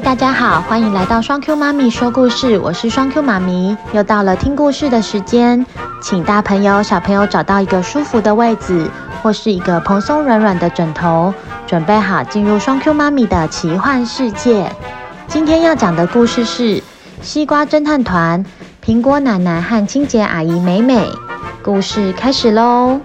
Hey, 大家好，歡迎來到雙 Q 媽咪說故事，我是雙 Q 媽咪，又到了聽故事的時間，請大朋友小朋友找到一個舒服的位置，或是一個蓬鬆軟軟的枕頭，準備好進入雙 Q 媽咪的奇幻世界。今天要講的故事是《西瓜偵探團》，蘋果奶奶和清潔阿姨美美，故事開始嘍。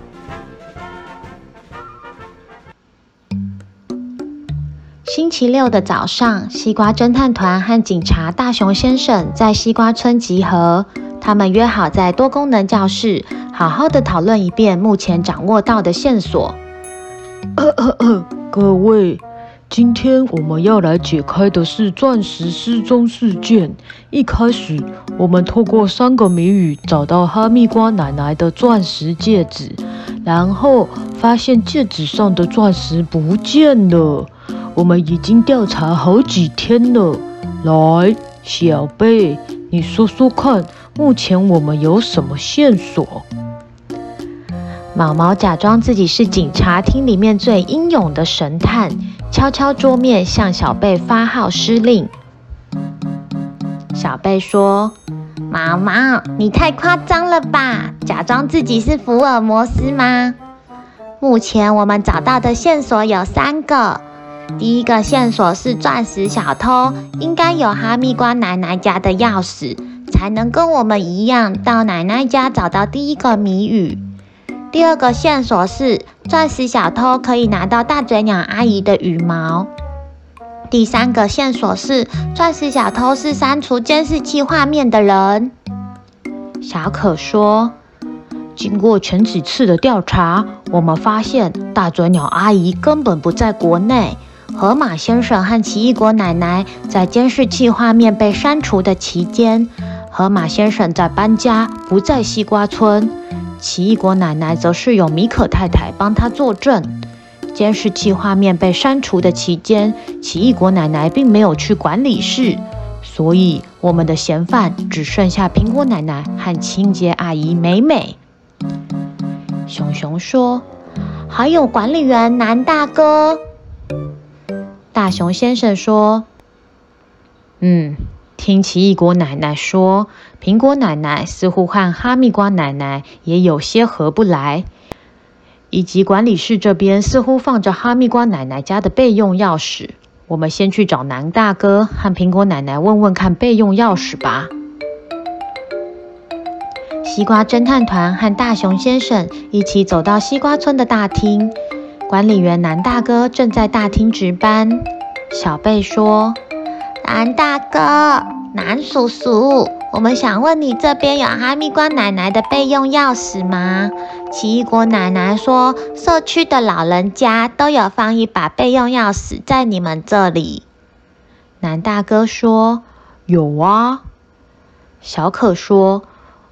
星期六的早上，西瓜偵探團和警察大熊先生在西瓜村集合。他們約好在多功能教室，好好的討論一遍目前掌握到的線索。咳咳咳，各位，今天我們要來解開的是鑽石失蹤事件。一開始，我們透過三個謎語找到哈密瓜奶奶的鑽石戒指，然後發現戒指上的鑽石不見了。我們已經調查好幾天了。來，小貝，你說說看，目前我們有什麼線索？毛毛假裝自己是警察廳裡面最英勇的神探，敲敲桌面，向小貝發號施令。小貝說：“毛毛，你太誇張了吧！假裝自己是福爾摩斯嗎？目前我們找到的線索有三個。”第一個線索是鑽石小偷應該有哈密瓜奶奶家的鑰匙，才能跟我們一樣到奶奶家找到第一個謎語。第二個線索是鑽石小偷可以拿到大嘴鳥阿姨的羽毛。第三個線索是鑽石小偷是刪除監視器畫面的人。小可說：“經過前幾次的調查，我們發現大嘴鳥阿姨根本不在國內。”河馬先生和奇異果奶奶在監視器畫面被刪除的期間，河馬先生在搬家，不在西瓜村。奇異果奶奶則是有米可太太幫他作證。監視器畫面被刪除的期間，奇異果奶奶並沒有去管理室，所以我們的嫌犯只剩下蘋果奶奶和清潔阿姨美美。熊熊說：“還有管理員南大哥。”大熊先生說：“嗯，聽奇異果奶奶說，蘋果奶奶似乎和哈密瓜奶奶也有些合不來，以及管理室這邊似乎放着哈密瓜奶奶家的備用鑰匙。我們先去找南大哥和蘋果奶奶問問看備用鑰匙吧。”西瓜偵探團和大熊先生一起走到西瓜村的大廳。管理員南大哥正在大廳值班。小貝說：“南大哥，南叔叔，我們想問你這邊有哈密瓜奶奶的備用鑰匙嗎？”奇異果奶奶說：“社區的老人家都有放一把備用鑰匙在你們這裡。”南大哥說：“有啊。”小可說：“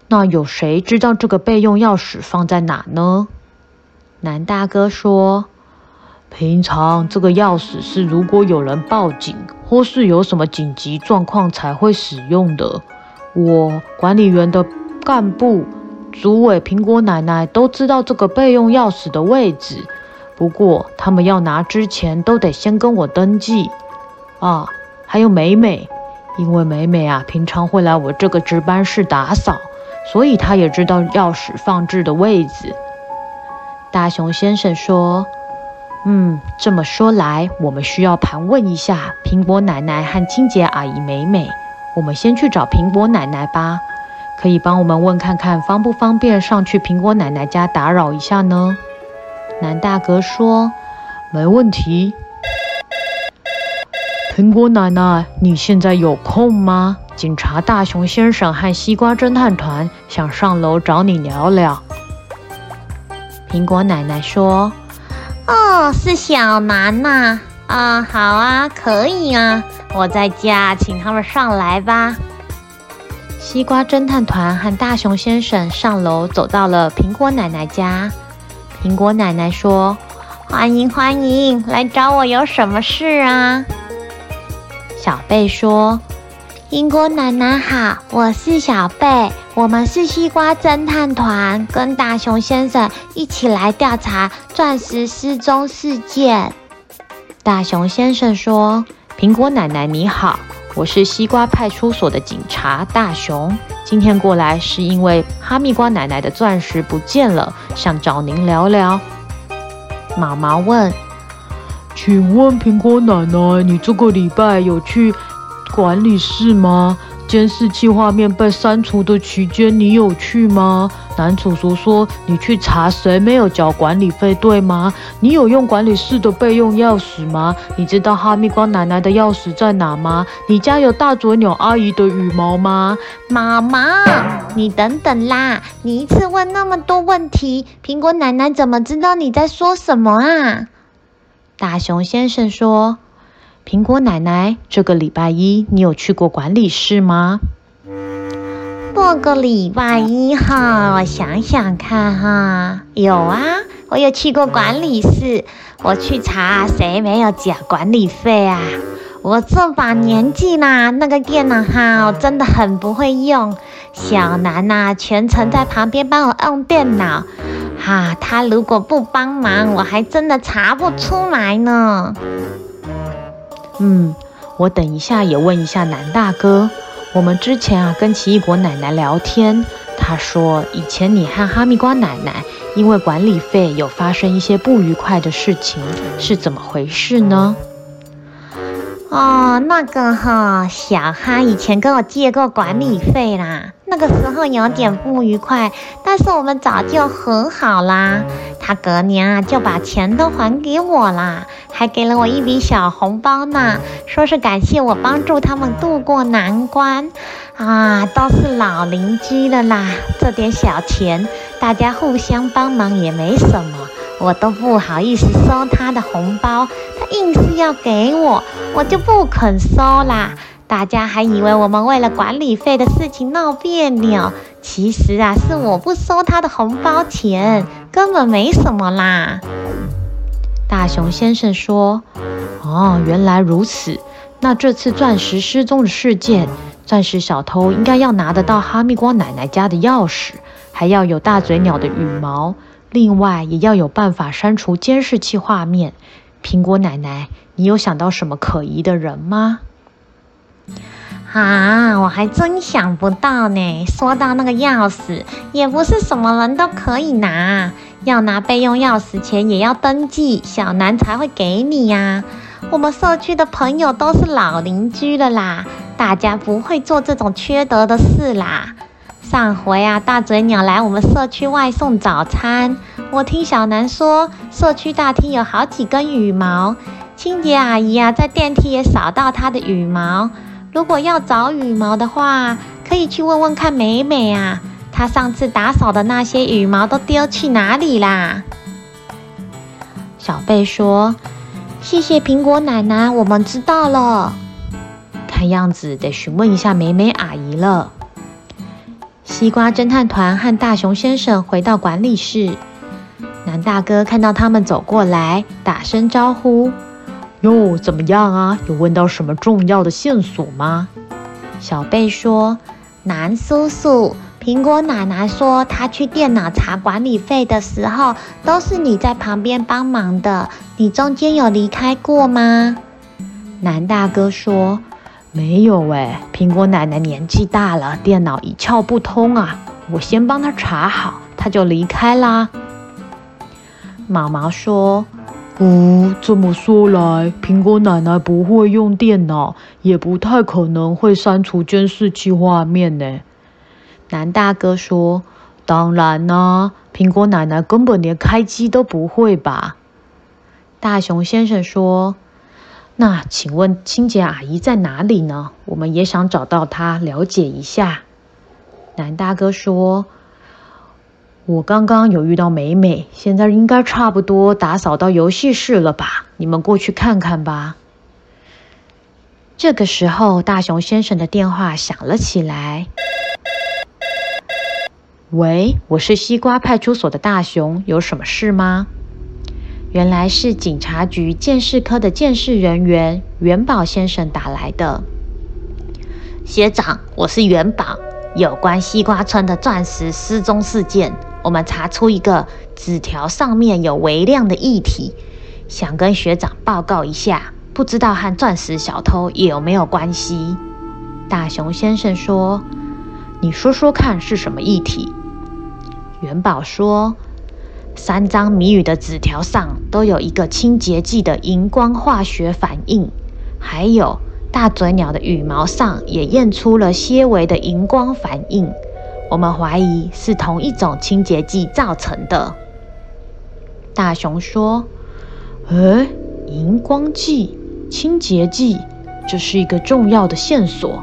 那有誰知道這個備用鑰匙放在哪呢？”南大哥說：“平常這個鑰匙是如果有人報警或是有什麼緊急狀況才會使用的。我管理員的幹部、組委、蘋果奶奶都知道這個備用鑰匙的位置。不過他們要拿之前都得先跟我登記啊。還有美美，因為美美啊平常會來我這個值班室打掃，所以她也知道鑰匙放置的位置。”大熊先生說：“嗯，這麼說來，我們需要盤問一下蘋果奶奶和清潔阿姨美美。我們先去找蘋果奶奶吧，可以幫我們問看看方不方便上去蘋果奶奶家打擾一下呢？”南大哥說：“沒問題。”蘋果奶奶，你現在有空嗎？警察大熊先生和西瓜偵探團想上樓找你聊聊。蘋果奶奶說：“哦，是小楠楠啊。啊，哦，好啊，可以啊，我在家，請他們上來吧。”西瓜偵探團和大熊先生上樓，走到了蘋果奶奶家。蘋果奶奶說：“歡迎歡迎，來找我有什麼事啊？”小貝說。蘋果奶奶好，我是小貝，我們是西瓜偵探團，跟大熊先生一起來調查鑽石失蹤事件。大熊先生說：“蘋果奶奶你好，我是西瓜派出所的警察大熊，今天過來是因為哈密瓜奶奶的鑽石不見了，想找您聊聊。”媽媽問：“請問蘋果奶奶，你這個禮拜有去”管理室嗎？監視器畫面被刪除的期間，你有去嗎？南大哥說：“你去查誰沒有繳管理費，對嗎？你有用管理室的備用鑰匙嗎？你知道哈密瓜奶奶的鑰匙在哪嗎？你家有大嘴鳥阿姨的羽毛嗎？”媽媽，你等等啦！你一次問那麼多問題，蘋果奶奶怎麼知道你在說什麼啊？大熊先生說。蘋果奶奶，這個禮拜一你有去過管理室嗎？這個禮拜一哈，我想想看哈，有啊，我有去過管理室。我去查誰沒有繳管理費啊。我這把年紀啦，那個電腦哈，真的很不會用。小南吶、啊，全程在旁邊幫我用電腦，哈、啊，他如果不幫忙，我還真的查不出來呢。嗯，我等一下也問一下南大哥。我們之前啊跟奇異果奶奶聊天，她說以前你和哈密瓜奶奶因為管理費有發生一些不愉快的事情，是怎麼回事呢？哦，那個哈、哦、小哈以前跟我借過管理費啦。那個時候有點不愉快，但是我們早就和好啦。他隔年啊就把錢都還給我啦，還給了我一筆小紅包呢，說是感謝我幫助他們度過難關。啊，都是老鄰居了啦，這點小錢，大家互相幫忙也沒什麼。我都不好意思收他的紅包，他硬是要給我，我就不肯收啦。大家還以為我們為了管理費的事情鬧別扭，其實啊是我不收他的紅包錢，根本沒什麼啦。大熊先生說：“哦，原來如此。那這次鑽石失蹤的事件，鑽石小偷應該要拿得到哈密瓜奶奶家的鑰匙，還要有大嘴鳥的羽毛，另外也要有辦法刪除監視器畫面。蘋果奶奶，你有想到什麼可疑的人嗎？”啊，我還真想不到呢。說到那個鑰匙，也不是什麼人都可以拿，要拿備用鑰匙前也要登記，小南才會給你呀、啊。我們社區的朋友都是老鄰居了啦，大家不會做這種缺德的事啦。上回啊，大嘴鳥來我們社區外送早餐，我聽小南說，社區大廳有好幾根羽毛，清潔阿姨啊在電梯也掃到它的羽毛。如果要找羽毛的話，可以去問問看美美啊。她上次打掃的那些羽毛都丟去哪裡啦？小貝說：“謝謝蘋果奶奶，我們知道了。看樣子得詢問一下美美阿姨了。”西瓜偵探團和大熊先生回到管理室，南大哥看到他們走過來，打聲招呼。喲，怎麼樣啊？有問到什麼重要的線索嗎？小貝說：“南叔叔，蘋果奶奶說她去電腦查管理費的時候，都是你在旁邊幫忙的。你中間有離開過嗎？”南大哥說：“沒有欸，蘋果奶奶年紀大了，電腦一竅不通啊。我先幫她查好，她就離開啦。”毛毛說。哦，這麼說來，蘋果奶奶不會用電腦，也不太可能會刪除監視器畫面呢。南大哥說：“當然呢、啊，蘋果奶奶根本連開機都不會吧？”大熊先生說：“那請問清潔阿姨在哪裡呢？我們也想找到她了解一下。”南大哥說。我剛剛有遇到美美，現在應該差不多打掃到遊戲室了吧？你們過去看看吧。這個時候，大熊先生的電話響了起來。喂，我是西瓜派出所的大熊，有什麼事嗎？原來是警察局鑑識科的鑑識人員元寶先生打來的。學長，我是元寶，有關西瓜村的鑽石失蹤事件。我們查出一個紙條上面有微量的液體，想跟學長報告一下，不知道和鑽石小偷也有沒有關係？大熊先生說：“你說說看是什麼液體。”元寶說：“三張謎語的紙條上都有一個清潔劑的熒光化學反應，還有大嘴鳥的羽毛上也驗出了些微的熒光反應。”我們懷疑是同一種清潔劑造成的。大熊說：“誒、欸、熒光劑、清潔劑，這是一個重要的線索。”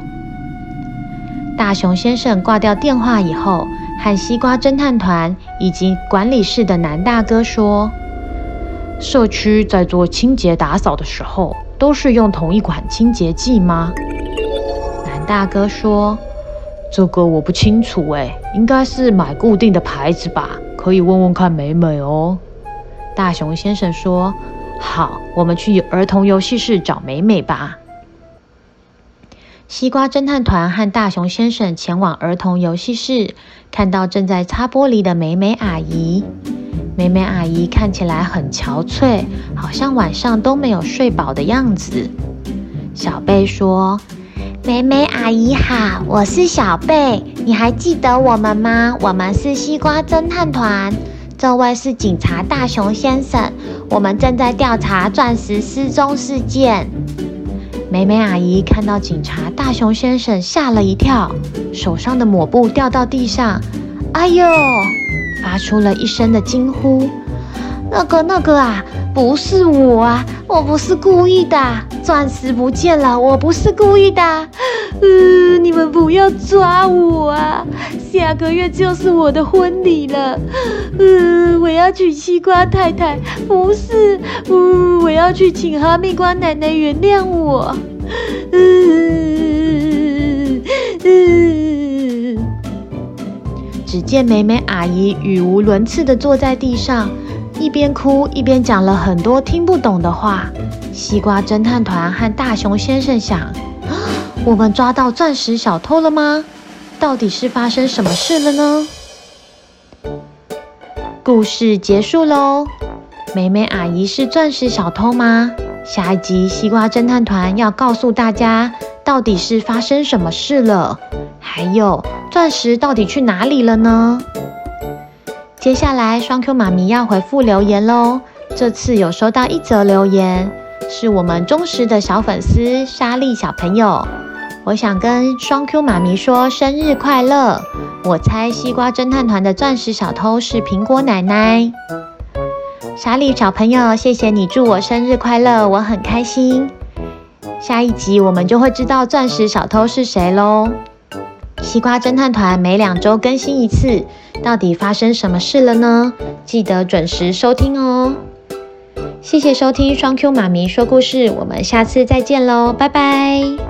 大熊先生掛掉電話以後，和西瓜偵探團以及管理室的南大哥說：“社區在做清潔打掃的時候，都是用同一款清潔劑嗎？”南大哥說。這個我不清楚哎，應該是買固定的牌子吧，可以問問看美美哦。大熊先生說：“好，我們去兒童遊戲室找美美吧。”西瓜偵探團和大熊先生前往兒童遊戲室，看到正在擦玻璃的美美阿姨。美美阿姨看起來很憔悴，好像晚上都沒有睡飽的樣子。小貝說。美美阿姨好，我是小貝，你還記得我們嗎？我們是西瓜偵探團，這位是警察大熊先生，我們正在調查鑽石失蹤事件。美美阿姨看到警察大熊先生，嚇了一跳，手上的抹布掉到地上，哎呦，發出了一聲的驚呼，那個那個啊。不是我啊，我不是故意的，鑽石不見了，我不是故意的，嗯、呃，你們不要抓我啊，下個月就是我的婚禮了，嗯、呃，我要娶西瓜太太，不是，嗯、呃，我要去請哈密瓜奶奶原諒我，嗯、呃，嗯、呃。只見美美阿姨語無倫次的坐在地上。一邊哭一邊講了很多聽不懂的話。西瓜偵探團和大熊先生想：我們抓到鑽石小偷了嗎？到底是發生什麼事了呢？故事結束嘍。美美阿姨是鑽石小偷嗎？下一集西瓜偵探團要告訴大家到底是發生什麼事了，還有鑽石到底去哪裡了呢？接下來，雙 Q 媽咪要回復留言咯。這次有收到一則留言，是我們忠實的小粉絲莎莉小朋友。我想跟雙 Q 媽咪說生日快樂。我猜西瓜偵探團的鑽石小偷是蘋果奶奶。莎莉小朋友，謝謝你祝我生日快樂，我很開心。下一集我們就會知道鑽石小偷是誰嘍。西瓜偵探團每兩周更新一次，到底發生什麼事了呢？記得準時收聽哦！謝謝收聽雙 Q 媽咪說故事，我們下次再見嘍，拜拜。